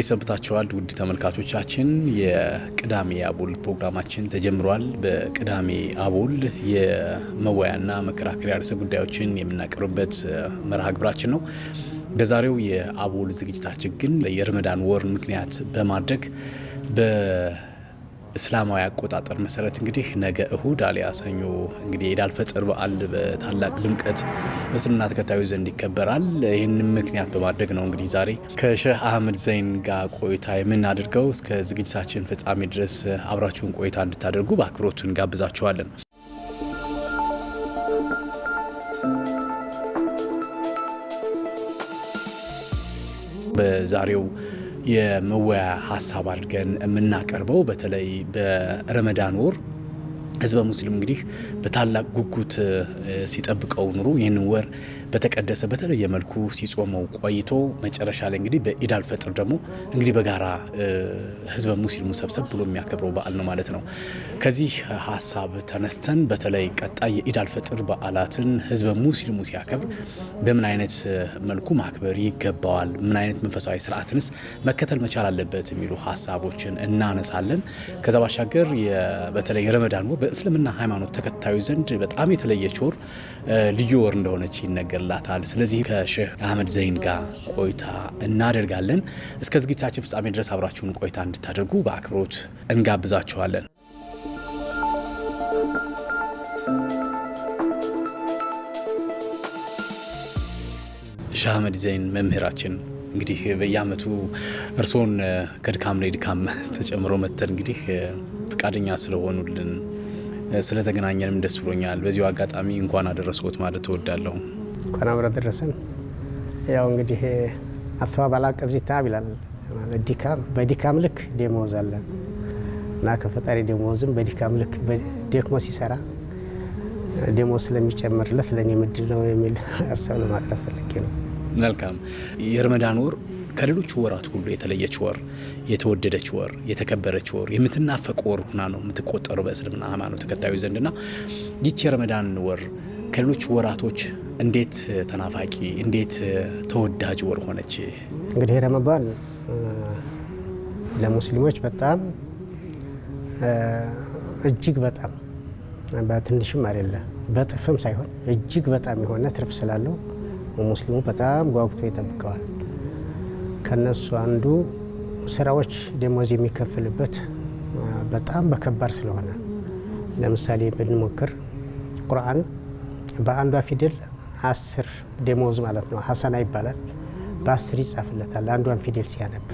እንዴት ሰንብታችኋል ውድ ተመልካቾቻችን? የቅዳሜ አቦል ፕሮግራማችን ተጀምሯል። በቅዳሜ አቦል የመወያና መከራከሪያ ርዕሰ ጉዳዮችን የምናቀርብበት መርሃ ግብራችን ነው። በዛሬው የአቦል ዝግጅታችን ግን የረመዳን ወርን ምክንያት በማድረግ እስላማዊ አቆጣጠር መሰረት እንግዲህ ነገ እሁድ አሊያ ሰኞ እንግዲህ የኢዳል ፈጥር በዓል በታላቅ ድምቀት በእስልምና ተከታዩ ዘንድ ይከበራል። ይህንም ምክንያት በማድረግ ነው እንግዲህ ዛሬ ከሼህ አህመድ ዘይን ጋር ቆይታ የምናደርገው። እስከ ዝግጅታችን ፍጻሜ ድረስ አብራችሁን ቆይታ እንድታደርጉ በአክብሮቱ እንጋብዛችኋለን። በዛሬው የመወያ ሀሳብ አድርገን የምናቀርበው በተለይ በረመዳን ወር ህዝበ ሙስሊም እንግዲህ በታላቅ ጉጉት ሲጠብቀው ኑሮ ይህንን ወር በተቀደሰ በተለየ መልኩ ሲጾመው ቆይቶ መጨረሻ ላይ እንግዲህ በኢዳል ፈጥር ደግሞ እንግዲህ በጋራ ህዝበ ሙስሊሙ ሰብሰብ ብሎ የሚያከብረው በዓል ነው ማለት ነው። ከዚህ ሀሳብ ተነስተን በተለይ ቀጣይ የኢዳል ፈጥር በዓላትን ህዝበ ሙስሊሙ ሲያከብር በምን አይነት መልኩ ማክበር ይገባዋል፣ ምን አይነት መንፈሳዊ ስርዓትንስ መከተል መቻል አለበት የሚሉ ሀሳቦችን እናነሳለን። ከዛ ባሻገር በተለይ ረመዳን ወር በእስልምና ሃይማኖት ተከታዩ ዘንድ በጣም የተለየች ወር ልዩ ወር እንደሆነች ይነገራል። ያደርግላታል። ስለዚህ ከሼህ አህመድ ዘይን ጋር ቆይታ እናደርጋለን። እስከ ዝግጅታችን ፍጻሜ ድረስ አብራችሁን ቆይታ እንድታደርጉ በአክብሮት እንጋብዛችኋለን። ሼህ አህመድ ዘይን መምህራችን እንግዲህ በየአመቱ እርስዎን ከድካም ላይ ድካም ተጨምሮ መተን እንግዲህ ፈቃደኛ ስለሆኑልን ስለተገናኘንም ደስ ብሎኛል። በዚሁ አጋጣሚ እንኳን አደረስዎት ማለት እወዳለሁ። ቋና ብረት ደረሰን። ያው እንግዲህ አፈባላ ቅብሪታብ ይላል ድካም በድካም ልክ ደመወዝ አለ እና ከፈጣሪ ደመወዝም በድካም ልክ ደክሞ ሲሰራ ደመወዝ ስለሚጨመርለት ለእኔ ምድል ነው የሚል ሀሳብ ለማቅረብ ፈልጌ ነው። መልካም የረመዳን ወር ከሌሎች ወራት ሁሉ የተለየች ወር፣ የተወደደች ወር፣ የተከበረች ወር፣ የምትናፈቅ ወር ሁና ነው የምትቆጠሩ በእስልምና ሃይማኖት ተከታዩ ዘንድና ይቺ የረመዳን ወር ከሌሎች ወራቶች እንዴት ተናፋቂ እንዴት ተወዳጅ ወር ሆነች? እንግዲህ ረመዷን ለሙስሊሞች በጣም እጅግ በጣም በትንሽም አይደለ በጥፍም ሳይሆን እጅግ በጣም የሆነ ትርፍ ስላለው ሙስሊሙ በጣም ጓጉቶ ይጠብቀዋል። ከነሱ አንዱ ስራዎች ደሞዝ የሚከፍልበት በጣም በከባድ ስለሆነ ለምሳሌ ብንሞክር ቁርአን በአንዷ ፊደል አስር ደሞዝ ማለት ነው። ሀሰና ይባላል። በአስር ይጻፍለታል አንዷን ፊደል ሲያነብ።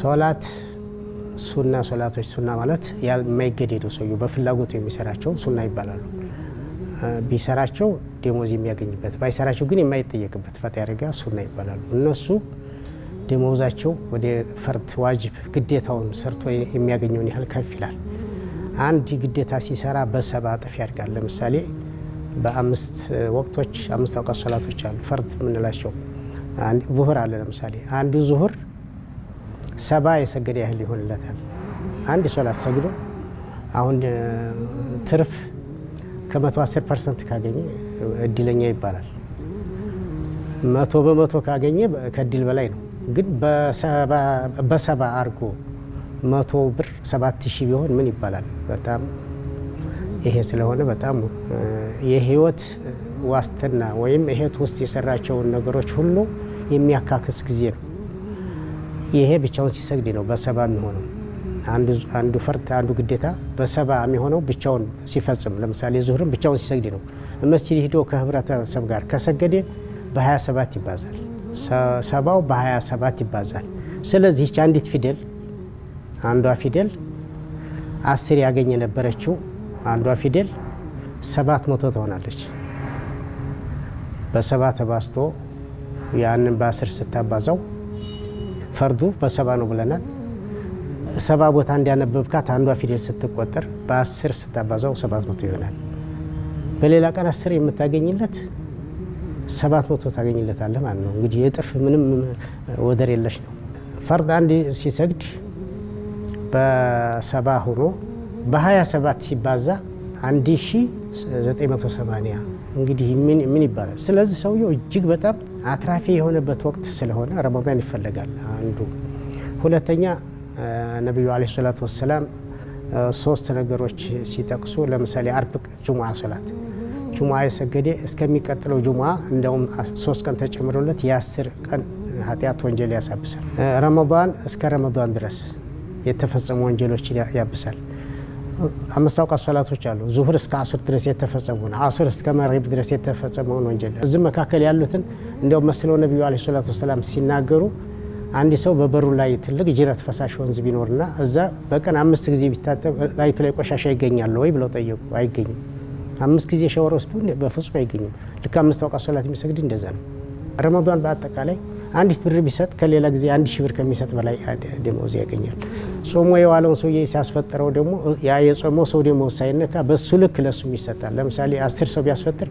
ሶላት ሱና ሶላቶች ሱና ማለት የማይገደደው ሰውዬው በፍላጎቱ የሚሰራቸው ሱና ይባላሉ። ቢሰራቸው ደሞዝ የሚያገኝበት ባይሰራቸው ግን የማይጠየቅበት ፈት ያደርጋ ሱና ይባላሉ። እነሱ ደሞዛቸው ወደ ፈርት ዋጅብ ግዴታውን ሰርቶ የሚያገኘውን ያህል ከፍ ይላል። አንድ ግዴታ ሲሰራ በሰባ እጥፍ ያድጋል። ለምሳሌ በአምስት ወቅቶች አምስት አውቃት ሶላቶች አሉ ፈርድ የምንላቸው ዙሁር አለ። ለምሳሌ አንዱ ዙሁር ሰባ የሰገደ ያህል ይሆንለታል። አንድ ሶላት ሰግዶ አሁን ትርፍ ከመቶ 10 ፐርሰንት ካገኘ እድለኛ ይባላል። መቶ በመቶ ካገኘ ከእድል በላይ ነው። ግን በሰባ አድርጎ መቶ ብር ሰባት ሺህ ቢሆን ምን ይባላል? በጣም ይሄ ስለሆነ በጣም የህይወት ዋስትና ወይም እህት ውስጥ የሰራቸውን ነገሮች ሁሉ የሚያካክስ ጊዜ ነው። ይሄ ብቻውን ሲሰግድ ነው በሰባ የሚሆነው። አንዱ ፈርት አንዱ ግዴታ በሰባ የሚሆነው ብቻውን ሲፈጽም፣ ለምሳሌ ዙህርን ብቻውን ሲሰግድ ነው። መስጂድ ሂዶ ከህብረተሰብ ጋር ከሰገደ በ27 ይባዛል፣ ሰባው በ27 ይባዛል። ስለዚህች አንዲት ፊደል አንዷ ፊደል አስር ያገኝ የነበረችው አንዷ ፊደል ሰባት መቶ ትሆናለች። በሰባ ተባዝቶ ያንን በአስር ስታባዛው ፈርዱ በሰባ ነው ብለናል። ሰባ ቦታ እንዲያነበብካት አንዷ ፊደል ስትቆጠር በአስር ስታባዛው ሰባት መቶ ይሆናል። በሌላ ቀን አስር የምታገኝለት ሰባት መቶ ታገኝለታለህ ማለት ነው። እንግዲህ እጥፍ ምንም ወደር የለሽ ነው። ፈርድ አንድ ሲሰግድ በሰባ ሆኖ በ27 ሲባዛ 1980 እንግዲህ ምን ይባላል? ስለዚህ ሰውየው እጅግ በጣም አትራፊ የሆነበት ወቅት ስለሆነ ረመዳን ይፈለጋል አንዱ። ሁለተኛ ነቢዩ ዓለይሂ ሰላቱ ወሰላም ሶስት ነገሮች ሲጠቅሱ ለምሳሌ አርብ ጁሙዓ ሶላት ጁሙዓ የሰገደ እስከሚቀጥለው ጁሙዓ እንደውም ሶስት ቀን ተጨምሮለት የአስር ቀን ኃጢአት ወንጀል ያሳብሳል። ረመዳን እስከ ረመዳን ድረስ የተፈጸሙ ወንጀሎችን ያብሳል። አምስት አውቃት ሶላቶች አሉ። ዙሁር እስከ አሱር ድረስ የተፈጸሙና አሱር እስከ መሪብ ድረስ የተፈጸመውን ወንጀል እዚህ መካከል ያሉትን እንዲያውም መስለው ነቢዩ ዓለይሂ ሰላቱ ወሰላም ሲናገሩ አንድ ሰው በበሩ ላይ ትልቅ ጅረት ፈሳሽ ወንዝ ቢኖርና እዛ በቀን አምስት ጊዜ ቢታጠብ ላይቱ ላይ ቆሻሻ ይገኛል ወይ ብለው ጠየቁ። አይገኝም። አምስት ጊዜ ሸወር ወስዱ፣ በፍጹም አይገኝም። ልክ አምስት አውቃት ሶላት የሚሰግድ እንደዛ ነው። ረመዷን በአጠቃላይ አንዲት ብር ቢሰጥ ከሌላ ጊዜ አንድ ሺህ ብር ከሚሰጥ በላይ ደመወዝ ያገኛል። ጾሞ የዋለውን ሰው ሲያስፈጥረው ደግሞ ያ የጾመው ሰው ደመወዝ ሳይነካ በሱ ልክ ለሱም ይሰጣል። ለምሳሌ አስር ሰው ቢያስፈጥር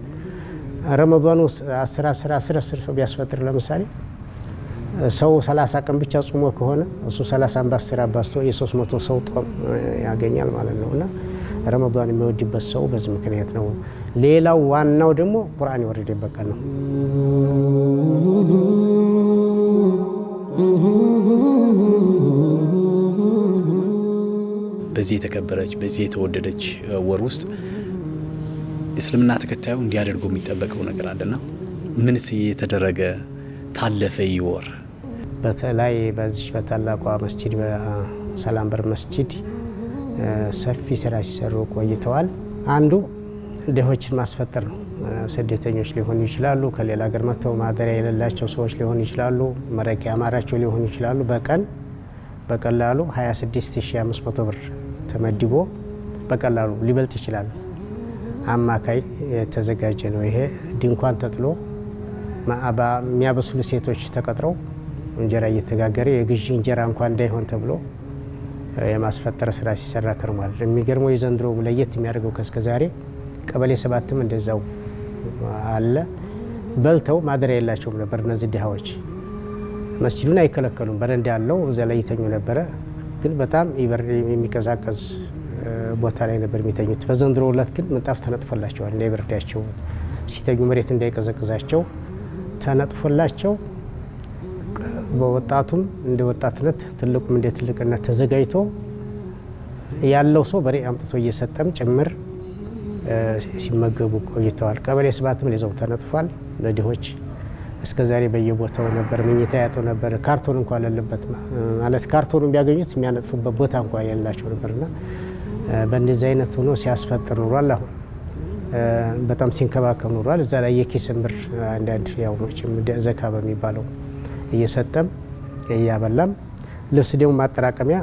ረመዷን ውስጥ አስር አስር አስር አስር ሰው ቢያስፈጥር ለምሳሌ ሰው 30 ቀን ብቻ ጾሞ ከሆነ እሱ 30 በአስር አባስቶ የ300 ሰው ጦም ያገኛል ማለት ነው። እና ረመዷን የሚወድበት ሰው በዚህ ምክንያት ነው። ሌላው ዋናው ደግሞ ቁርአን የወረደበት ቀን ነው። በዚህ የተከበረች በዚህ የተወደደች ወር ውስጥ እስልምና ተከታዩ እንዲያደርጉ የሚጠበቀው ነገር አለና ምንስ የተደረገ ታለፈ ይህ ወር? በተለይ በዚች በታላቋ መስጂድ በሰላም በር መስጂድ ሰፊ ስራ ሲሰሩ ቆይተዋል። አንዱ ድሆችን ማስፈጠር ነው። ስደተኞች ሊሆኑ ይችላሉ፣ ከሌላ ሀገር መጥተው ማደሪያ የሌላቸው ሰዎች ሊሆኑ ይችላሉ፣ መረቂያ አማራቸው ሊሆኑ ይችላሉ። በቀን በቀላሉ 26500 ብር ተመድቦ በቀላሉ ሊበልጥ ይችላል። አማካይ የተዘጋጀ ነው። ይሄ ድንኳን ተጥሎ የሚያበስሉ ሴቶች ተቀጥረው እንጀራ እየተጋገረ የግዢ እንጀራ እንኳን እንዳይሆን ተብሎ የማስፈጠር ስራ ሲሰራ ከርሟል። የሚገርመው የዘንድሮ ለየት የሚያደርገው ዛሬ ቀበሌ ሰባትም እንደዛው አለ። በልተው ማደሪያ የላቸውም ነበር እነዚህ ድሃዎች። መስጂዱን አይከለከሉም። በረንዳ ያለው እዛ ላይ ይተኙ ነበረ። ግን በጣም የሚቀዛቀዝ ቦታ ላይ ነበር የሚተኙት። በዘንድሮ ዕለት ግን ምንጣፍ ተነጥፎላቸዋል እንዳይበርዳቸው ሲተኙ መሬት እንዳይቀዘቅዛቸው ተነጥፎላቸው በወጣቱም እንደ ወጣትነት ትልቁም እንደ ትልቅነት ተዘጋጅቶ ያለው ሰው በሬ አምጥቶ እየሰጠም ጭምር ሲመገቡ ቆይተዋል። ቀበሌ ስባትም ሊዘው ተነጥፏል ለድሆች እስከ ዛሬ በየቦታው ነበር፣ መኝታ ያጠው ነበር። ካርቶን እንኳ አለበት ማለት ካርቶኑ ቢያገኙት የሚያነጥፉበት ቦታ እንኳ የሌላቸው ነበርና በእንደዚህ አይነት ሆኖ ሲያስፈጥር ኑሯል። አሁን በጣም ሲንከባከብ ኑሯል። እዛ ላይ የኪስ ምር አንዳንድ ያውኖችም ዘካ በሚባለው እየሰጠም እያበላም ልብስ ደግሞ ማጠራቀሚያ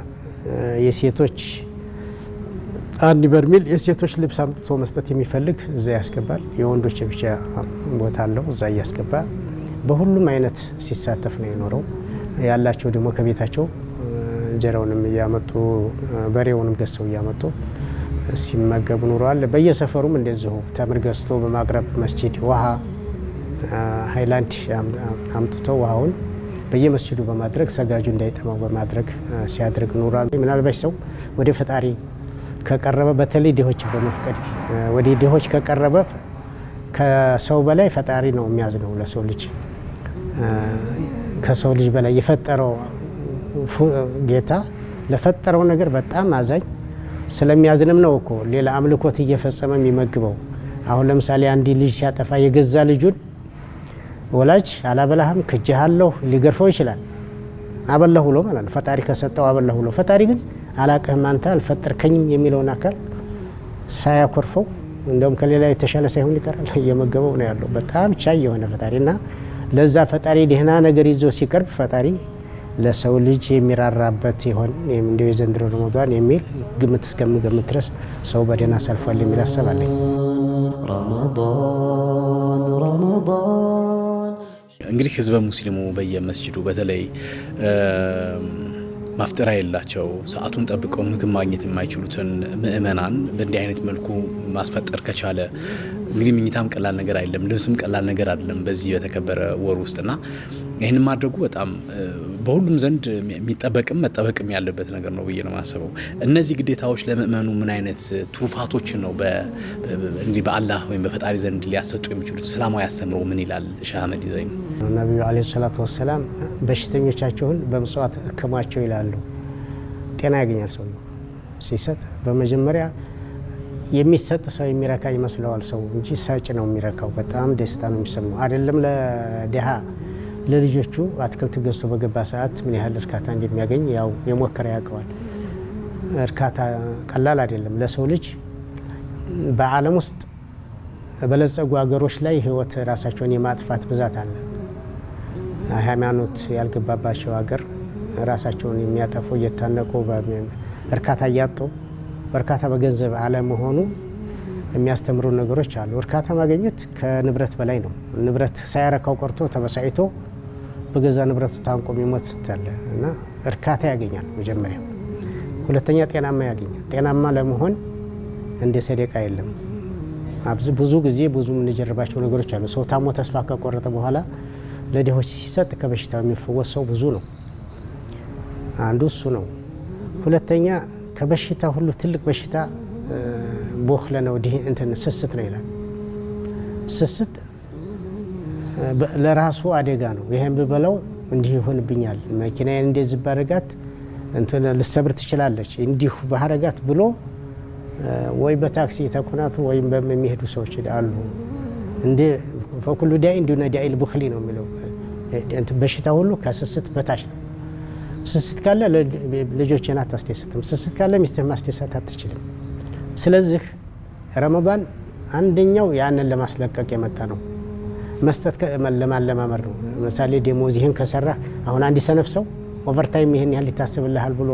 የሴቶች አንድ በርሜል የሴቶች ልብስ አምጥቶ መስጠት የሚፈልግ እዛ ያስገባል። የወንዶች ብቻ ቦታ አለው እዛ እያስገባል። በሁሉም አይነት ሲሳተፍ ነው የኖረው። ያላቸው ደግሞ ከቤታቸው እንጀራውንም እያመጡ በሬውንም ገዝተው እያመጡ ሲመገቡ ኑረዋል። በየሰፈሩም እንደዚሁ ተምር ገዝቶ በማቅረብ መስጂድ ውሃ ሀይላንድ አምጥቶ ውሃውን በየመስጂዱ በማድረግ ሰጋጁ እንዳይጠማው በማድረግ ሲያደርግ ኑሯል። ምናልባሽ ሰው ወደ ፈጣሪ ከቀረበ በተለይ ድሆች በመፍቀድ ወደ ድሆች ከቀረበ ከሰው በላይ ፈጣሪ ነው የሚያዝነው ለሰው ልጅ። ከሰው ልጅ በላይ የፈጠረው ጌታ ለፈጠረው ነገር በጣም አዛኝ ስለሚያዝንም ነው እኮ ሌላ አምልኮት እየፈጸመ የሚመግበው። አሁን ለምሳሌ አንድ ልጅ ሲያጠፋ የገዛ ልጁን ወላጅ አላበላህም ክጅሃለሁ ሊገርፈው ይችላል። አበላሁ ብሎ ማለት ነው። ፈጣሪ ከሰጠው አበላሁ ብሎ፣ ፈጣሪ ግን አላቅህም አንተ አልፈጠርከኝም የሚለውን አካል ሳያኮርፈው እንደውም ከሌላ የተሻለ ሳይሆን ይቀራል እየመገበው ነው ያለው። በጣም ቻይ የሆነ ፈጣሪ እና ለዛ ፈጣሪ ደህና ነገር ይዞ ሲቀርብ ፈጣሪ ለሰው ልጅ የሚራራበት ይሆን እንደ የዘንድሮ ረመዷን የሚል ግምት እስከምገምት ድረስ ሰው በደህና ሰልፏል የሚል አሰባለኝ። እንግዲህ ህዝበ ሙስሊሙ በየመስጅዱ በተለይ ማፍጠሪያ የላቸው ሰዓቱን ጠብቀው ምግብ ማግኘት የማይችሉትን ምእመናን በእንዲህ አይነት መልኩ ማስፈጠር ከቻለ እንግዲህ ምኝታም ቀላል ነገር አይደለም፣ ልብስም ቀላል ነገር አይደለም በዚህ በተከበረ ወር ውስጥና ይህን ማድረጉ በጣም በሁሉም ዘንድ የሚጠበቅም መጠበቅም ያለበት ነገር ነው ብዬ ነው የማስበው። እነዚህ ግዴታዎች ለምእመኑ ምን አይነት ትሩፋቶችን ነው እንግዲህ በአላህ ወይም በፈጣሪ ዘንድ ሊያሰጡ የሚችሉት? እስላማዊ አስተምሮ ምን ይላል? ሼህ አህመድ ይዘኝ ነቢዩ አለ ሰላቱ ወሰላም በሽተኞቻቸውን በምጽዋት እከሟቸው ይላሉ። ጤና ያገኛል ሰው ሲሰጥ በመጀመሪያ የሚሰጥ ሰው የሚረካ ይመስለዋል ሰው እንጂ ሰጭ ነው የሚረካው። በጣም ደስታ ነው የሚሰማው አይደለም ለድሃ ለልጆቹ አትክልት ገዝቶ በገባ ሰዓት ምን ያህል እርካታ እንደሚያገኝ ያው የሞከረ ያውቀዋል። እርካታ ቀላል አይደለም ለሰው ልጅ። በዓለም ውስጥ በለጸጉ ሀገሮች ላይ ህይወት ራሳቸውን የማጥፋት ብዛት አለ። ሃይማኖት ያልገባባቸው ሀገር ራሳቸውን የሚያጠፉ እየታነቁ እርካታ እያጡ በእርካታ በገንዘብ አለመሆኑ የሚያስተምሩ ነገሮች አሉ። እርካታ ማግኘት ከንብረት በላይ ነው። ንብረት ሳያረካው ቀርቶ ተበሳጭቶ በገዛ ንብረቱ ታንቆ የሚሞት ስታለ እና እርካታ ያገኛል። መጀመሪያ ሁለተኛ ጤናማ ያገኛል። ጤናማ ለመሆን እንደ ሰደቃ የለም። ብዙ ጊዜ ብዙ የምንጀርባቸው ነገሮች አሉ። ሰው ታሞ ተስፋ ከቆረጠ በኋላ ለድሆች ሲሰጥ ከበሽታው የሚፈወስ ሰው ብዙ ነው። አንዱ እሱ ነው። ሁለተኛ ከበሽታ ሁሉ ትልቅ በሽታ ቦክለ ነው፣ እንትን ስስት ነው ይላል። ስስት ለራሱ አደጋ ነው። ይሄን ብበለው እንዲህ ይሆንብኛል፣ መኪናዬን እንደዚህ ባረጋት እንትን ልሰብር ትችላለች፣ እንዲሁ ባረጋት ብሎ ወይ በታክሲ ተኩናቱ ወይም በሚሄዱ ሰዎች አሉ። ፈኩሉ ዳይ እንዲሁና ዳይል ቡክሊ ነው የሚለው በሽታ ሁሉ ከስስት በታች ነው። ስስት ካለ ልጆችን አታስደስትም። ስስት ካለ ሚስትህ ማስደሳት አትችልም። ስለዚህ ረመዳን አንደኛው ያንን ለማስለቀቅ የመጣ ነው። መስጠት ለማለማመድ ነው። ለምሳሌ ደሞዝ ይህን ከሰራ አሁን አንድ ሰነፍ ሰው ኦቨርታይም ይህን ያህል ይታሰብልሃል ብሎ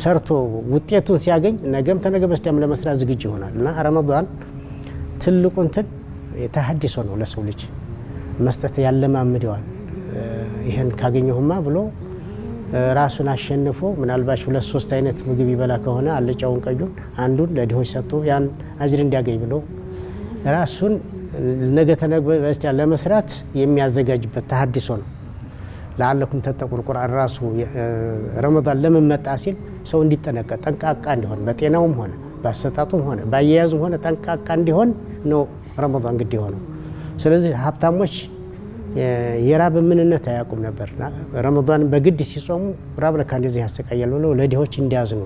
ሰርቶ ውጤቱን ሲያገኝ ነገም ተነገ በስቲያም ለመስራት ዝግጅ ይሆናል እና ረመዷን ትልቁ እንትን ተሀዲሶ ነው። ለሰው ልጅ መስጠት ያለማምደዋል። ይህን ካገኘሁማ ብሎ ራሱን አሸንፎ ምናልባች ሁለት ሶስት አይነት ምግብ ይበላ ከሆነ አልጫውን፣ ቀዩን አንዱን ለድሆች ሰጥቶ ያን አጅር እንዲያገኝ ብሎ ራሱን ነገ ተነገ በስቲያ ለመስራት የሚያዘጋጅበት ተሀድሶ ነው። ለአለኩም ተተቁል ቁርአን ራሱ ረመዳን ለምን መጣ ሲል ሰው እንዲጠነቀቅ ጠንቃቃ እንዲሆን በጤናውም ሆነ በአሰጣጡም ሆነ በአያያዙም ሆነ ጠንቃቃ እንዲሆን ነው ረመዳን ግድ የሆነው። ስለዚህ ሀብታሞች የራብ ምንነት አያውቁም ነበር። ረመዳንን በግድ ሲጾሙ ራብ ለካ እንደዚህ ያሰቃያል ብለው ለድሆች እንዲያዝኑ፣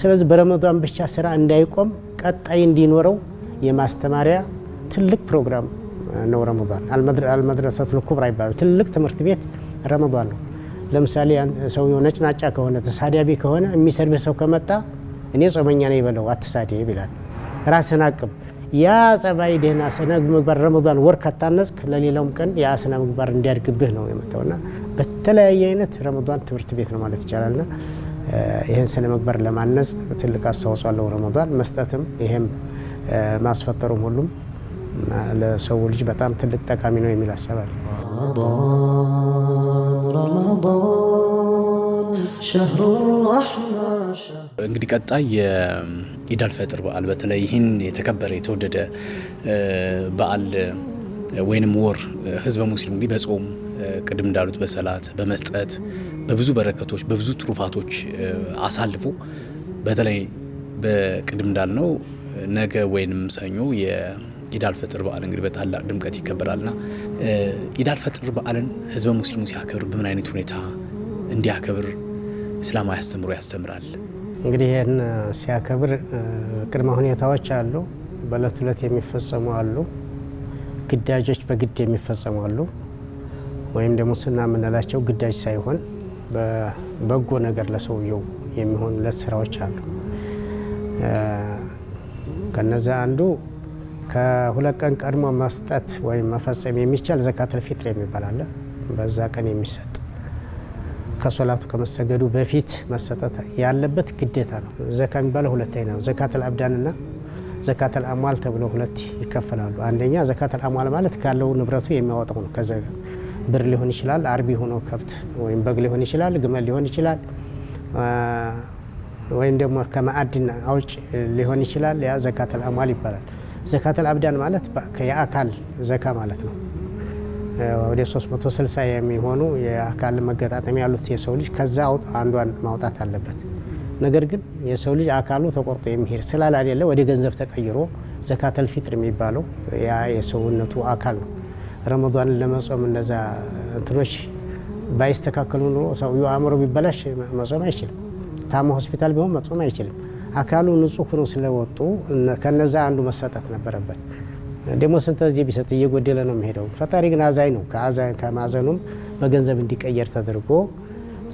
ስለዚህ በረመዳን ብቻ ስራ እንዳይቆም ቀጣይ እንዲኖረው የማስተማሪያ ትልቅ ፕሮግራም ነው ረመዳን። አልመድረሰቱል ኩብራ ይባላል። ትልቅ ትምህርት ቤት ረመዳን ነው። ለምሳሌ ሰውየው ነጭ ናጫ ከሆነ ተሳዳቢ ከሆነ የሚሰርብህ ሰው ከመጣ እኔ ጾመኛ ነኝ በለው፣ አትሳደብ ይላል። ራስህን አቅም ያ ጸባይ ደህና ስነ ምግባር ረመዳን ወር ካታነጽክ ለሌላውም ቀን ያ ስነ ምግባር እንዲያድግብህ ነው የመጣውና በተለያየ አይነት ረመዳን ትምህርት ቤት ነው ማለት ይቻላልና ይህን ስነ ምግባር ለማነጽ ትልቅ አስተዋጽኦ አለው ረመዳን መስጠትም ይህም ማስፈጠሩም ሁሉም ለሰው ልጅ በጣም ትልቅ ጠቃሚ ነው የሚል አሰባል። እንግዲህ ቀጣይ የኢዳል ፈጥር በዓል በተለይ ይህን የተከበረ የተወደደ በዓል ወይንም ወር ህዝበ ሙስሊም እንግዲህ በጾም ቅድም እንዳሉት በሰላት በመስጠት በብዙ በረከቶች በብዙ ትሩፋቶች አሳልፎ በተለይ በቅድም እንዳልነው ነገ ወይንም ሰኞ ኢዳል ፈጥር በዓል እንግዲህ በታላቅ ድምቀት ና ኢዳል ፈጥር በዓልን ህዝበ ሙስሊሙ ሲያከብር በምን አይነት ሁኔታ እንዲያከብር እስላማዊ አስተምሮ ያስተምራል? እንግዲህ ይህን ሲያከብር ቅድመ ሁኔታዎች አሉ። በእለት ሁለት የሚፈጸሙ አሉ፣ ግዳጆች በግድ የሚፈጸሙ አሉ፣ ወይም ደግሞ ስና የምንላቸው ግዳጅ ሳይሆን በበጎ ነገር ለሰውየው የሚሆኑለት ስራዎች አሉ። ከነዚ አንዱ ከሁለት ቀን ቀድሞ መስጠት ወይም መፈጸም የሚቻል ዘካተል ፊጥር የሚባል አለ። በዛ ቀን የሚሰጥ ከሶላቱ ከመሰገዱ በፊት መሰጠት ያለበት ግዴታ ነው። ዘካ የሚባለው ሁለት አይነት ነው። ዘካተል አብዳንና ዘካተል አሟል ተብሎ ሁለት ይከፈላሉ። አንደኛ ዘካተል አሟል ማለት ካለው ንብረቱ የሚያወጣው ነው። ከዘ ብር ሊሆን ይችላል፣ አርቢ ሆኖ ከብት ወይም በግ ሊሆን ይችላል፣ ግመል ሊሆን ይችላል፣ ወይም ደግሞ ከማዕድን አውጭ ሊሆን ይችላል። ያ ዘካተል አሟል ይባላል። ዘካተል አብዳን ማለት የአካል ዘካ ማለት ነው። ወደ 360 የሚሆኑ የአካል መገጣጠም ያሉት የሰው ልጅ ከዛ አንዷን ማውጣት አለበት። ነገር ግን የሰው ልጅ አካሉ ተቆርጦ የሚሄድ ስላላደለ ወደ ገንዘብ ተቀይሮ ዘካተል ፊጥር የሚባለው ያ የሰውነቱ አካል ነው። ረመዷንን ለመጾም እነዛ እንትኖች ባይስተካከሉ ኑሮ ሰውየው አእምሮ ቢበላሽ መጾም አይችልም። ታማ ሆስፒታል ቢሆን መጾም አይችልም። አካሉ ንጹህ ሆኖ ስለወጡ ከነዛ አንዱ መሰጠት ነበረበት። ደግሞ ስንት ጊዜ ቢሰጥ እየጎደለ ነው የሚሄደው። ፈጣሪ ግን አዛኝ ነው። ከማዘኑም በገንዘብ እንዲቀየር ተደርጎ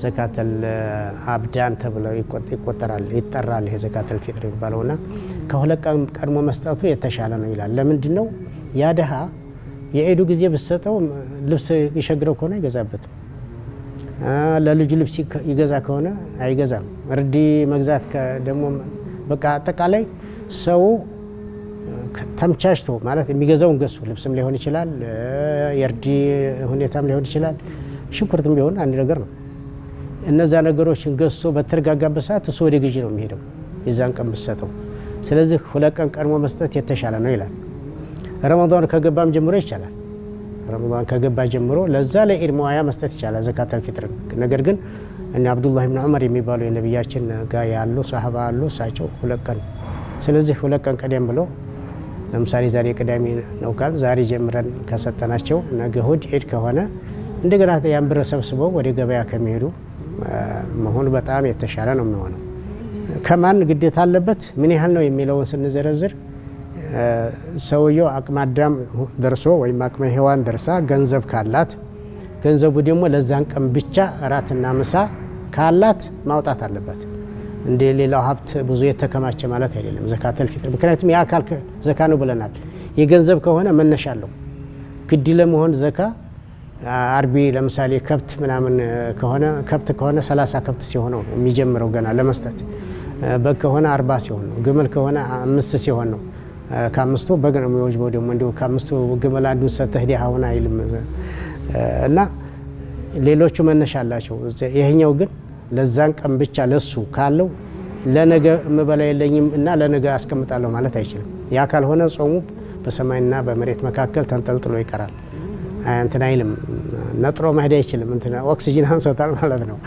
ዘካተል አብዳን ተብለው ይቆጠራል ይጠራል። ይሄ ዘካተል ፊጥር ና ከሁለት ቀን ቀድሞ መስጠቱ የተሻለ ነው ይላል። ለምንድ ነው ያ ድሃ የኢዱ ጊዜ ብሰጠው ልብስ ይሸግረው ከሆነ አይገዛበትም። ለልጅ ልብስ ይገዛ ከሆነ አይገዛም። እርድ መግዛት ደግሞ በቃ አጠቃላይ ሰው ተምቻችቶ ማለት የሚገዛውን ገሱ ልብስም ሊሆን ይችላል፣ የእርድ ሁኔታም ሊሆን ይችላል፣ ሽንኩርትም ቢሆን አንድ ነገር ነው። እነዛ ነገሮችን ገዝቶ በተረጋጋበት ሰዓት እሱ ወደ ግዢ ነው የሚሄደው የዛን ቀን ምሰጠው። ስለዚህ ሁለት ቀን ቀድሞ መስጠት የተሻለ ነው ይላል። ረመዳን ከገባም ጀምሮ ይቻላል። ረመዳን ከገባ ጀምሮ ለዛ ለኢድ መዋያ መስጠት ይቻላል ዘካተል ፊጥር። ነገር ግን እነ አብዱላህ ብን ዑመር የሚባሉ የነቢያችን ጋ ያሉ ሰሃባ አሉ። እሳቸው ሁለት ቀን ስለዚህ ሁለት ቀን ቀደም ብሎ ለምሳሌ ዛሬ ቅዳሜ ነው ካል ዛሬ ጀምረን ከሰጠናቸው ነገ እሁድ ኢድ ከሆነ እንደገና ያን ብር ሰብስበው ወደ ገበያ ከሚሄዱ መሆኑ በጣም የተሻለ ነው የሚሆነው። ከማን ግዴታ አለበት ምን ያህል ነው የሚለውን ስንዘረዝር ሰውየው አቅመ አዳም ደርሶ ወይም አቅመ ሔዋን ደርሳ ገንዘብ ካላት ገንዘቡ ደግሞ ለዛን ቀን ብቻ እራትና ምሳ ካላት ማውጣት አለባት። እንደ ሌላው ሀብት ብዙ የተከማቸ ማለት አይደለም ዘካተል ፊጥር። ምክንያቱም የአካል ዘካ ነው ብለናል። የገንዘብ ከሆነ መነሻ አለው ግድ ለመሆን ዘካ አርቢ ለምሳሌ ከብት ምናምን ከሆነ ከብት ከሆነ 30 ከብት ሲሆነው የሚጀምረው ገና ለመስጠት በግ ከሆነ አርባ ሲሆን ነው። ግመል ከሆነ አምስት ሲሆን ነው። ከአምስቱ በግ ነው የሚወጅበው። ደግሞ እንዲሁ ከአምስቱ ግመል አንዱ ሰተህ ዲህ አሁን አይልም እና ሌሎቹ መነሻ አላቸው። ይህኛው ግን ለዛን ቀን ብቻ ለሱ ካለው ለነገ ምበላ የለኝም እና ለነገ አስቀምጣለሁ ማለት አይችልም። ያ ካልሆነ ጾሙ በሰማይና በመሬት መካከል ተንጠልጥሎ ይቀራል። እንትን አይልም፣ ነጥሮ መሄድ አይችልም። ኦክሲጂን አንሶታል ማለት ነው።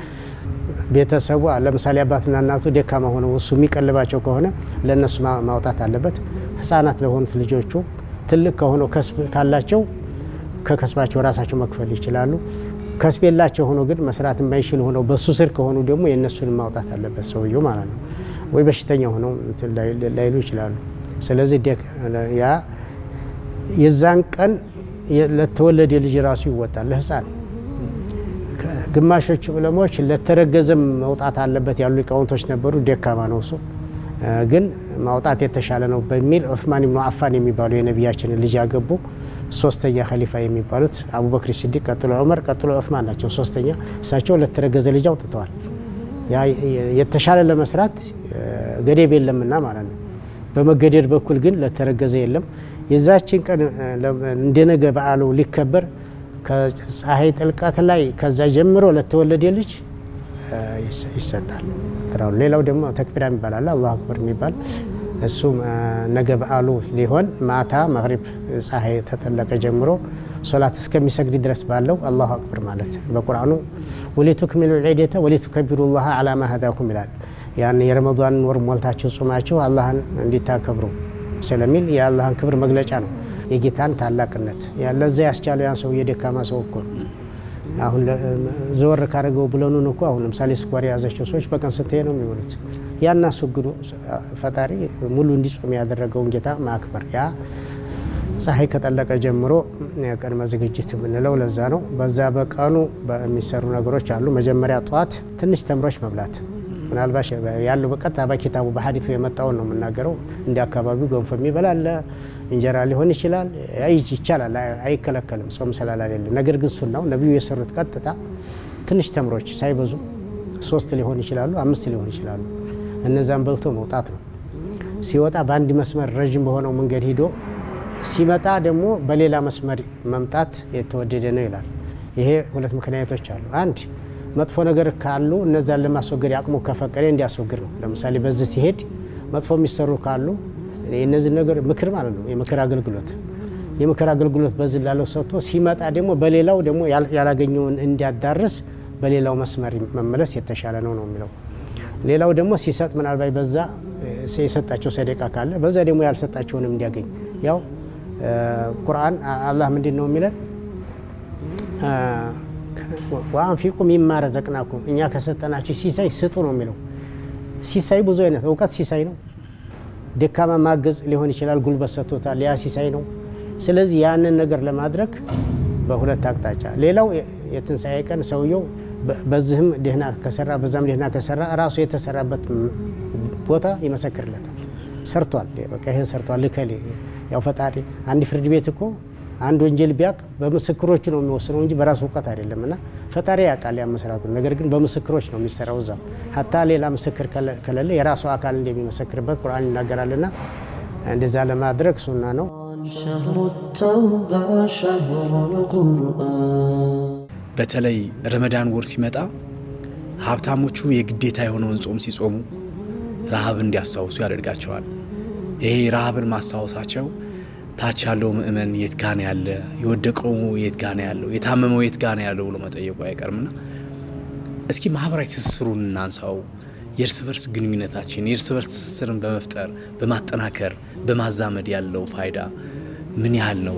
ቤተሰቡ ለምሳሌ አባትና እናቱ ደካማ ሆነው እሱ የሚቀልባቸው ከሆነ ለእነሱ ማውጣት አለበት። ህጻናት ለሆኑት ልጆቹ ትልቅ ከሆነው ከስብ ካላቸው ከከስባቸው ራሳቸው መክፈል ይችላሉ። ከስብ የላቸው ሆኖ ግን መስራት የማይችል ሆነው በሱ ስር ከሆኑ ደግሞ የእነሱን ማውጣት አለበት ሰውየው ማለት ነው። ወይ በሽተኛ ሆነው ላይሉ ይችላሉ። ስለዚህ ያ የዛን ቀን ለተወለደ ልጅ ራሱ ይወጣል ለህፃን ግማሾች ዑለሞች ለተረገዘም መውጣት አለበት ያሉ ሊቃውንቶች ነበሩ። ደካማ ነው እሱ ግን ማውጣት የተሻለ ነው በሚል ዑስማን ብኑ አፋን የሚባሉ የነቢያችን ልጅ ያገቡ ሶስተኛ ከሊፋ የሚባሉት አቡበክር ስዲቅ ቀጥሎ ዑመር፣ ቀጥሎ ዑስማን ናቸው። ሶስተኛ እሳቸው ለተረገዘ ልጅ አውጥተዋል። የተሻለ ለመስራት ገደብ የለምና ማለት ነው። በመገደድ በኩል ግን ለተረገዘ የለም። የዛችን ቀን እንደነገ በዓሉ ሊከበር ከፀሐይ ጥልቀት ላይ ከዛ ጀምሮ ለተወለደ ልጅ ይሰጣል። ተራው ሌላው ደግሞ ተክቢራ የሚባል አለ፣ አላሁ አክበር የሚባል እሱ ነገ በዓሉ ሊሆን ማታ መግሪብ ፀሐይ ተጠለቀ ጀምሮ ሶላት እስከሚሰግድ ድረስ ባለው አላሁ አክበር ማለት በቁርአኑ ክሚሉ ዒደተ ወሊቱከቢሩ ላህ አላ ማ ሀዳኩም ይላል። ያን የረመዷንን ወር ሞልታችሁ ጾማችሁ አላህን እንዲታከብሩ ስለሚል የአላህን ክብር መግለጫ ነው። የጌታን ታላቅነት ለዛ ያስቻለው ያን ሰው የደካማ ሰው እኮ አሁን ዘወር ካደረገው ብለኑን እኮ አሁን ለምሳሌ ስኳር የያዛቸው ሰዎች በቀን ስንቴ ነው የሚውሉት? ያና አስወግዶ ፈጣሪ ሙሉ እንዲጾም ያደረገውን ጌታ ማክበር ያ ፀሐይ ከጠለቀ ጀምሮ ቅድመ ዝግጅት የምንለው ለዛ ነው። በዛ በቀኑ የሚሰሩ ነገሮች አሉ። መጀመሪያ ጠዋት ትንሽ ተምሮች መብላት ምናልባት ያለው በቀጥታ በኪታቡ በሀዲቱ የመጣውን ነው የምናገረው። እንደ አካባቢው ገንፎ የሚበላለ እንጀራ ሊሆን ይችላል። ይቻላል፣ አይከለከልም ጾም ስላላለ። ነገር ግን ሱናው ነቢዩ የሰሩት ቀጥታ ትንሽ ተምሮች ሳይበዙ ሶስት ሊሆን ይችላሉ፣ አምስት ሊሆን ይችላሉ። እነዛን በልቶ መውጣት ነው። ሲወጣ በአንድ መስመር ረዥም በሆነው መንገድ ሂዶ ሲመጣ ደግሞ በሌላ መስመር መምጣት የተወደደ ነው ይላል። ይሄ ሁለት ምክንያቶች አሉ። አንድ መጥፎ ነገር ካሉ እነዛን ለማስወገድ አቅሙ ከፈቀደ እንዲያስወግድ ነው። ለምሳሌ በዚህ ሲሄድ መጥፎ የሚሰሩ ካሉ እነዚህ ነገር ምክር ማለት ነው። የምክር አገልግሎት የምክር አገልግሎት በዚህ ላለው ሰጥቶ ሲመጣ ደግሞ በሌላው ደግሞ ያላገኘውን እንዲያዳርስ በሌላው መስመር መመለስ የተሻለ ነው ነው የሚለው። ሌላው ደግሞ ሲሰጥ ምናልባት በዛ የሰጣቸው ሰደቃ ካለ በዛ ደግሞ ያልሰጣቸውንም እንዲያገኝ ያው ቁርአን አላህ ምንድን ነው የሚለን ወአንፊቁ ሚማ ረዘቅናኩም እኛ ከሰጠናችሁ ሲሳይ ስጡ ነው የሚለው። ሲሳይ ብዙ አይነት እውቀት ሲሳይ ነው። ደካማ ማገዝ ሊሆን ይችላል። ጉልበት ሰጥቶታል፣ ያ ሲሳይ ነው። ስለዚህ ያንን ነገር ለማድረግ በሁለት አቅጣጫ። ሌላው የትንሣኤ ቀን ሰውየው በዚህም ደህና ከሰራ በዛም ደህና ከሰራ ራሱ የተሰራበት ቦታ ይመሰክርለታል። ሰርቷል፣ በቃ ይህን ሰርቷል። ልከሌ ያው ፈጣሪ አንድ ፍርድ ቤት እኮ አንድ ወንጀል ቢያቅ በምስክሮች ነው የሚወስነው እንጂ በራሱ እውቀት አይደለም። እና ፈጣሪ ያውቃል ያ ነገር ግን በምስክሮች ነው የሚሰራው። እዛም ሀታ ሌላ ምስክር ከሌለ የራሱ አካል እንደሚመሰክርበት ቁርአን ይናገራል። እና እንደዛ ለማድረግ ሱና ነው። በተለይ ረመዳን ወር ሲመጣ ሀብታሞቹ የግዴታ የሆነውን ጾም ሲጾሙ ረሃብ እንዲያስታውሱ ያደርጋቸዋል። ይሄ ረሃብን ማስታወሳቸው ታች ያለው ምእመን የት ጋ ነው ያለ፣ የወደቀው የት ጋ ነው ያለው፣ የታመመው የት ጋ ነው ያለው ብሎ መጠየቁ አይቀርምና እስኪ ማህበራዊ ትስስሩን እናንሳው። የእርስ በርስ ግንኙነታችን የእርስ በርስ ትስስርን በመፍጠር በማጠናከር በማዛመድ ያለው ፋይዳ ምን ያህል ነው?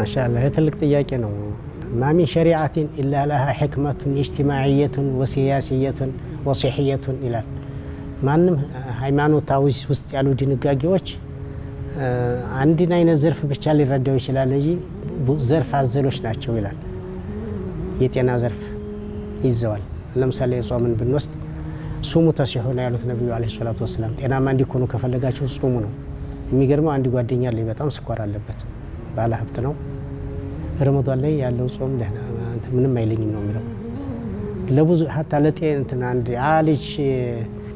ማሻላ ትልቅ ጥያቄ ነው። ማሚን ሸሪዓትን ኢላ ለሃ ሕክመቱን እጅትማዕየቱን ወሲያሲየቱን ወሲሕየቱን ይላል። ማንም ሃይማኖታዊ ውስጥ ያሉ ድንጋጌዎች አንድን አይነት ዘርፍ ብቻ ሊረዳው ይችላል እንጂ ዘርፍ አዘሎች ናቸው ይላል። የጤና ዘርፍ ይዘዋል። ለምሳሌ ጾምን ብንወስድ ሱሙ ተሲሑ ነው ያሉት ነቢዩ ዓለይሂ ሰላቱ ወሰላም። ጤናማ እንዲኮኑ ከፈለጋቸው ጾሙ ነው። የሚገርመው አንድ ጓደኛ ላይ በጣም ስኳር አለበት፣ ባለ ሀብት ነው። ረመዷን ላይ ያለው ጾም ምንም አይለኝም ነው የሚለው ለብዙ ሀታ ለጤንትን አንድ አልጅ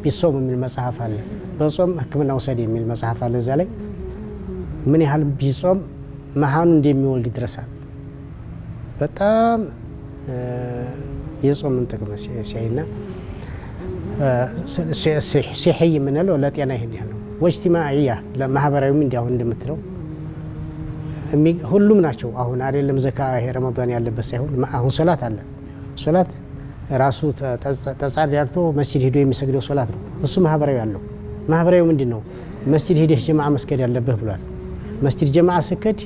ቢሶም የሚል መጽሐፍ አለ። በጾም ህክምና ውሰድ የሚል መጽሐፍ አለ እዛ ላይ ምን ያህል ቢጾም መሀኑ እንደሚወልድ ይድረሳል። በጣም የጾምን ጥቅም ሲያይና ሲሕይ የምንለው ለጤና ይህን ያህል ነው። ወጅቲማዕያ ለማህበራዊም አሁን እንደምትለው ሁሉም ናቸው። አሁን አይደለም ዘካ ረመዳን ያለበት ሳይሆን አሁን ሶላት አለ። ሶላት ራሱ ተጻድ ያርቶ መስጅድ ሄዶ የሚሰግደው ሶላት ነው። እሱ ማህበራዊ አለው። ማህበራዊ ምንድን ነው? መስጅድ ሂደህ ጀማዓ መስገድ ያለብህ ብሏል። መስጂድ ጀማዓ ስከድ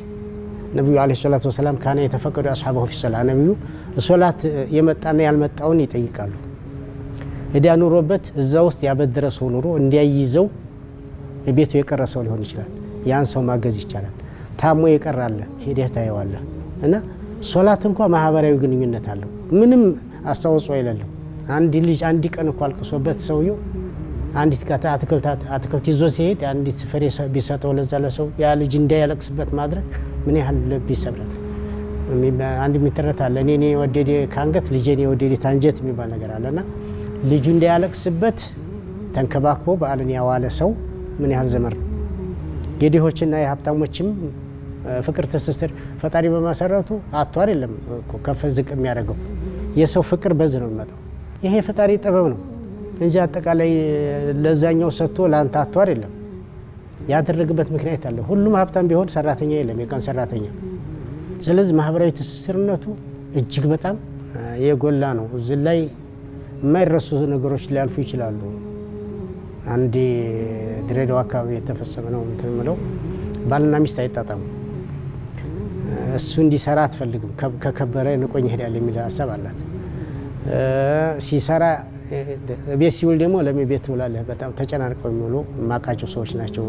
ነቢዩ አለ ሰላት ወሰላም ካነ የተፈቀዱ አስሓባሁ ፊ ነቢዩ ሶላት የመጣና ያልመጣውን ይጠይቃሉ። እዳ ኑሮበት እዛ ውስጥ ያበደረ ሰው ኑሮ እንዲያይዘው ቤቱ የቀረ ሰው ሊሆን ይችላል። ያን ሰው ማገዝ ይቻላል። ታሞ የቀራለ ሄደህ ታየዋለህ እና ሶላት እንኳ ማህበራዊ ግንኙነት አለው። ምንም አስተዋጽኦ የሌለው አንድ ልጅ አንድ ቀን እኳ አልቅሶበት ሰውየው አንዲት አትክልት ይዞ ሲሄድ አንዲት ፍሬ ቢሰጠው ለዛ ለሰው ያ ልጅ እንዳያለቅስበት ማድረግ ምን ያህል ልብ ይሰብራል። አንድ የሚተረት አለ እኔ የወደዴ ከአንገት ልጄን የወደዴ ታንጀት የሚባል ነገር አለ አለና ልጁ እንዳያለቅስበት ተንከባክቦ በዓልን ያዋለ ሰው ምን ያህል ዘመር ነው። የድሆችና የሀብታሞችም ፍቅር ትስስር ፈጣሪ በመሰረቱ አቶ አይደለም ከፍ ዝቅ የሚያደርገው የሰው ፍቅር በዝ ነው የሚመጣው። ይሄ ፈጣሪ ጥበብ ነው። እንጂ አጠቃላይ ለዛኛው ሰጥቶ ለአንተ አቶ አይደለም ያደረግበት ምክንያት አለ። ሁሉም ሀብታም ቢሆን ሰራተኛ የለም የቀን ሰራተኛ። ስለዚህ ማህበራዊ ትስስርነቱ እጅግ በጣም የጎላ ነው። እዚህ ላይ የማይረሱ ነገሮች ሊያልፉ ይችላሉ። አንድ ድሬዳዋ አካባቢ የተፈጸመ ነው እንትን የምለው ባልና ሚስት አይጣጣሙ። እሱ እንዲሰራ አትፈልግም። ከከበረ ንቆኝ ይሄዳል የሚል ሀሳብ አላት ሲሰራ ቤት ሲውል ደግሞ ለምን ቤት ትውላለህ? በጣም ተጨናንቀው የሚውሉ የማውቃቸው ሰዎች ናቸው።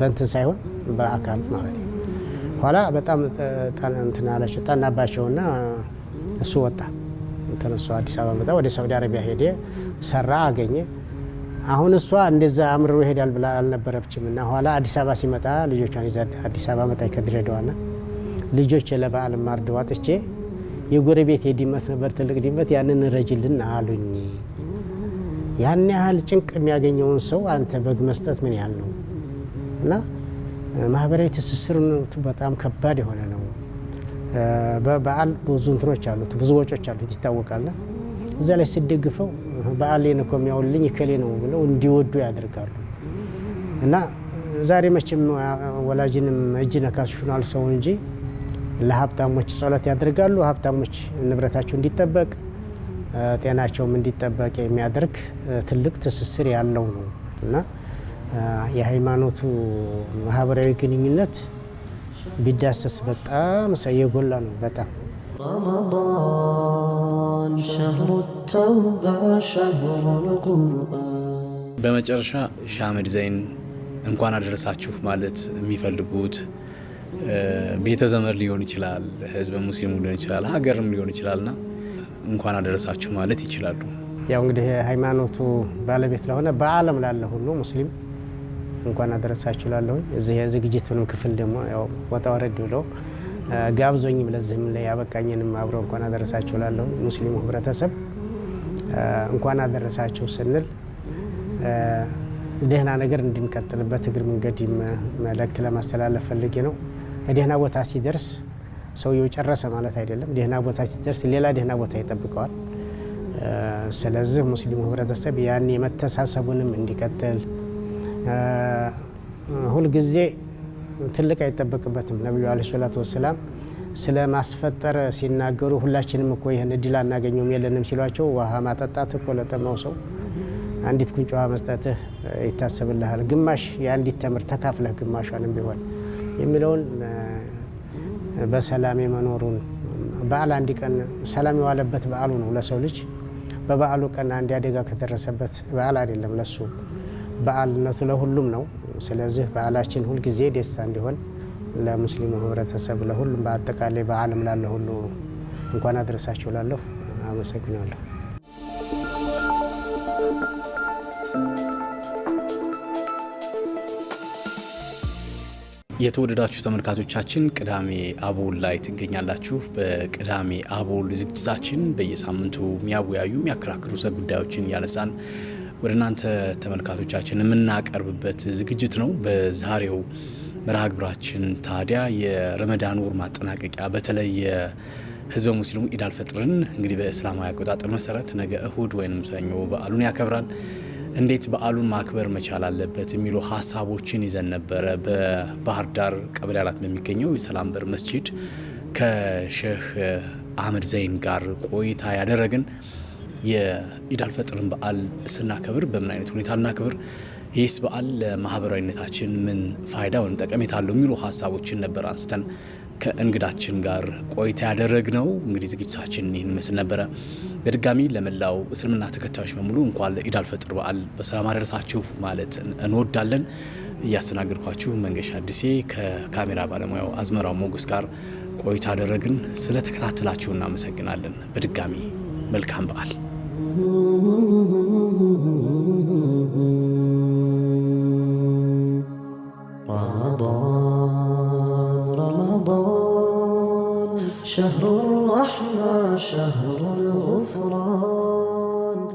በእንትን ሳይሆን በአካል ማለት ነው። ኋላ በጣም እንትን አላቸው ጠናባቸውና እሱ ወጣ ተነሱ። አዲስ አበባ መጣ። ወደ ሳውዲ አረቢያ ሄደ፣ ሰራ፣ አገኘ። አሁን እሷ እንደዛ አምሮ ይሄዳል ብላ አልነበረችም። እና ኋላ አዲስ አበባ ሲመጣ ልጆቿን ይዛ አዲስ አበባ መጣ ከድሬዳዋና ልጆች ለበዓል ማርድ ዋጥቼ የጎረቤት የድመት ነበር ትልቅ ድመት፣ ያንን ረጅልን አሉኝ። ያን ያህል ጭንቅ የሚያገኘውን ሰው አንተ በግ መስጠት ምን ያህል ነው? እና ማህበራዊ ትስስር በጣም ከባድ የሆነ ነው። በበዓል ብዙ እንትኖች አሉት፣ ብዙ ወጮች አሉት ይታወቃል። እዛ ላይ ስደግፈው በዓሌን እኮ የሚያውልኝ እከሌ ነው ብለው እንዲወዱ ያደርጋሉ። እና ዛሬ መቼም ወላጅንም እጅ ነካሽ ሆኗል ሰው እንጂ ለሀብታሞች ጸሎት ያደርጋሉ። ሀብታሞች ንብረታቸው እንዲጠበቅ ጤናቸውም እንዲጠበቅ የሚያደርግ ትልቅ ትስስር ያለው ነው እና የሃይማኖቱ ማህበራዊ ግንኙነት ቢዳሰስ በጣም የጎላ ነው። በጣም በመጨረሻ ሻህ ዘይን እንኳን አደረሳችሁ ማለት የሚፈልጉት ቤተ ዘመድ ሊሆን ይችላል፣ ህዝበ ሙስሊሙ ሊሆን ይችላል፣ ሀገርም ሊሆን ና እንኳን አደረሳችሁ ማለት ይችላሉ። ያው እንግዲህ ሃይማኖቱ ባለቤት ለሆነ በዓለም ላለ ሁሉ ሙስሊም እንኳን አደረሳችሁ ላለሁ እዚህ የዝግጅቱንም ክፍል ደግሞ ያው ወጣ ወረድ ብሎ ጋብዞኝም ለዚህም ላይ ያበቃኝንም አብሮ እንኳን አደረሳችሁ ላለሁ ሙስሊሙ ህብረተሰብ እንኳን አደረሳችሁ ስንል ደህና ነገር እንድንቀጥልበት እግር መንገድ መልእክት ለማስተላለፍ ፈልጌ ነው። ደህና ቦታ ሲደርስ ሰውየው ጨረሰ ማለት አይደለም። ደህና ቦታ ሲደርስ ሌላ ደህና ቦታ ይጠብቀዋል። ስለዚህ ሙስሊሙ ህብረተሰብ ያን የመተሳሰቡንም እንዲቀጥል ሁልጊዜ ትልቅ አይጠበቅበትም። ነቢዩ አለ ሰላቱ ወሰላም ስለ ማስፈጠር ሲናገሩ ሁላችንም እኮ ይህን እድል አናገኘውም የለንም ሲሏቸው ውሃ ማጠጣት እኮ ለጠማው ሰው አንዲት ጉንጭ ውሃ መስጠትህ ይታሰብልሃል። ግማሽ የአንዲት ተምር ተካፍለህ ግማሿንም ቢሆን የሚለውን በሰላም የመኖሩን በዓል አንድ ቀን ሰላም የዋለበት በዓሉ ነው። ለሰው ልጅ በበዓሉ ቀን አንድ አደጋ ከደረሰበት በዓል አይደለም ለሱ በዓልነቱ ለሁሉም ነው። ስለዚህ በዓላችን ሁልጊዜ ደስታ እንዲሆን ለሙስሊሙ ህብረተሰብ ለሁሉም በአጠቃላይ በዓለም ላለ ሁሉ እንኳን አድረሳችሁ ላለሁ አመሰግናለሁ። የተወደዳችሁ ተመልካቾቻችን ቅዳሜ አቦል ላይ ትገኛላችሁ። በቅዳሜ አቦል ዝግጅታችን በየሳምንቱ የሚያወያዩ የሚያከራክሩ ሰ ጉዳዮችን እያነሳን ወደ እናንተ ተመልካቾቻችን የምናቀርብበት ዝግጅት ነው። በዛሬው መርሃ ግብራችን ታዲያ የረመዳን ወር ማጠናቀቂያ በተለይ ህዝበ ሙስሊሙ ኢድ አልፈጥርን እንግዲህ በእስላማዊ አቆጣጠር መሰረት ነገ እሁድ ወይም ሰኞ በዓሉን ያከብራል። እንዴት በዓሉን ማክበር መቻል አለበት የሚሉ ሀሳቦችን ይዘን ነበረ። በባህር ዳር ቀበሌ አራት በሚገኘው የሰላም በር መስጂድ ከሼህ አህመድ ዘይን ጋር ቆይታ ያደረግን የኢዳል ፈጥርን በዓል ስናከብር በምን አይነት ሁኔታ እናክብር፣ ይህስ በዓል ለማህበራዊነታችን ምን ፋይዳ ወይም ጠቀሜታ አለው የሚሉ ሀሳቦችን ነበር አንስተን ከእንግዳችን ጋር ቆይታ ነው። እንግዲህ ዝግጅታችን ይህን ይመስል ነበረ። በድጋሚ ለመላው እስልምና ተከታዮች በሙሉ እንኳን ለኢድ አልፈጥር በዓል በሰላም አደረሳችሁ ማለት እንወዳለን። እያስተናገድኳችሁ መንገሻ አዲሴ ከካሜራ ባለሙያው አዝመራው ሞገስ ጋር ቆይታ አደረግን። ስለተከታተላችሁ እናመሰግናለን። በድጋሚ መልካም በዓል شهر الرحمة شهر الغفران